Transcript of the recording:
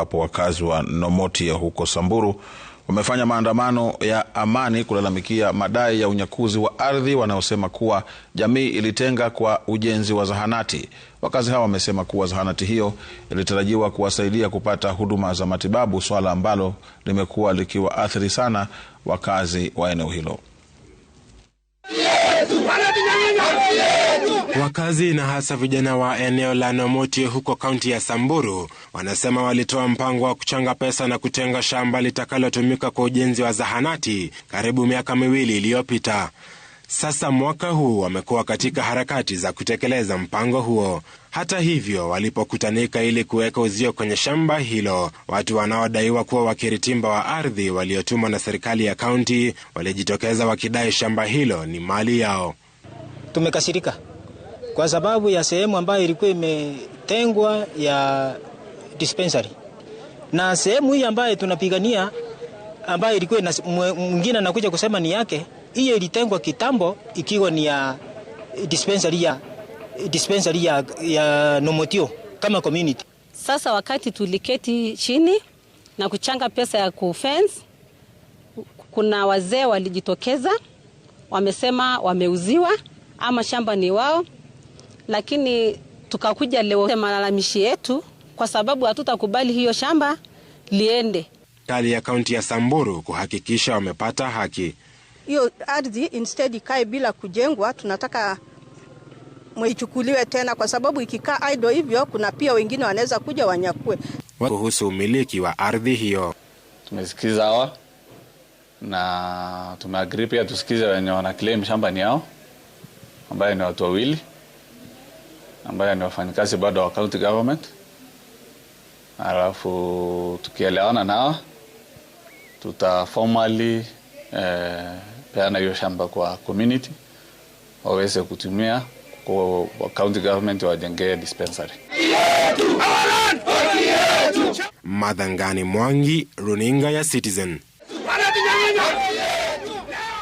ambapo wakazi wa Nomotia huko Samburu wamefanya maandamano ya amani kulalamikia madai ya unyakuzi wa ardhi wanaosema kuwa jamii ilitenga kwa ujenzi wa zahanati. Wakazi hao wamesema kuwa zahanati hiyo ilitarajiwa kuwasaidia kupata huduma za matibabu, swala ambalo limekuwa likiwaathiri sana wakazi wa eneo hilo. Wakazi na hasa vijana wa eneo la nomoti huko kaunti ya Samburu wanasema walitoa mpango wa kuchanga pesa na kutenga shamba litakalotumika kwa ujenzi wa zahanati karibu miaka miwili iliyopita. Sasa mwaka huu wamekuwa katika harakati za kutekeleza mpango huo. Hata hivyo, walipokutanika ili kuweka uzio kwenye shamba hilo, watu wanaodaiwa kuwa wakiritimba wa ardhi waliotumwa na serikali ya kaunti walijitokeza wakidai shamba hilo ni mali yao. Tumekasirika kwa sababu ya sehemu ambayo ilikuwa imetengwa ya dispensary, na sehemu hii ambayo tunapigania ambayo ilikuwa mwingine anakuja kusema ni yake, hiyo ilitengwa kitambo ikiwa ni ya dispensary ya dispensary ya, ya Nomotio kama community. Sasa wakati tuliketi chini na kuchanga pesa ya kufence, kuna wazee walijitokeza wamesema wameuziwa ama shamba ni wao lakini tukakuja leo malalamishi yetu, kwa sababu hatutakubali hiyo shamba liende. Serikali ya kaunti ya Samburu kuhakikisha wamepata haki. Hiyo ardhi instead ikae bila kujengwa, tunataka mwichukuliwe tena, kwa sababu ikikaa idle hivyo, kuna pia wengine wanaweza kuja wanyakue. Kuhusu umiliki wa ardhi hiyo, tumesikiza hawa na tumeagri pia tusikize wenye wana claim shamba ni yao, ambayo ni watu wawili ambayo ni wafanyakazi bado wa county government, alafu tukielewana nao tuta formally eh, peana hiyo shamba kwa community waweze kutumia kwa county government wajengee dispensary. Madhangani Mwangi, runinga ya Citizen.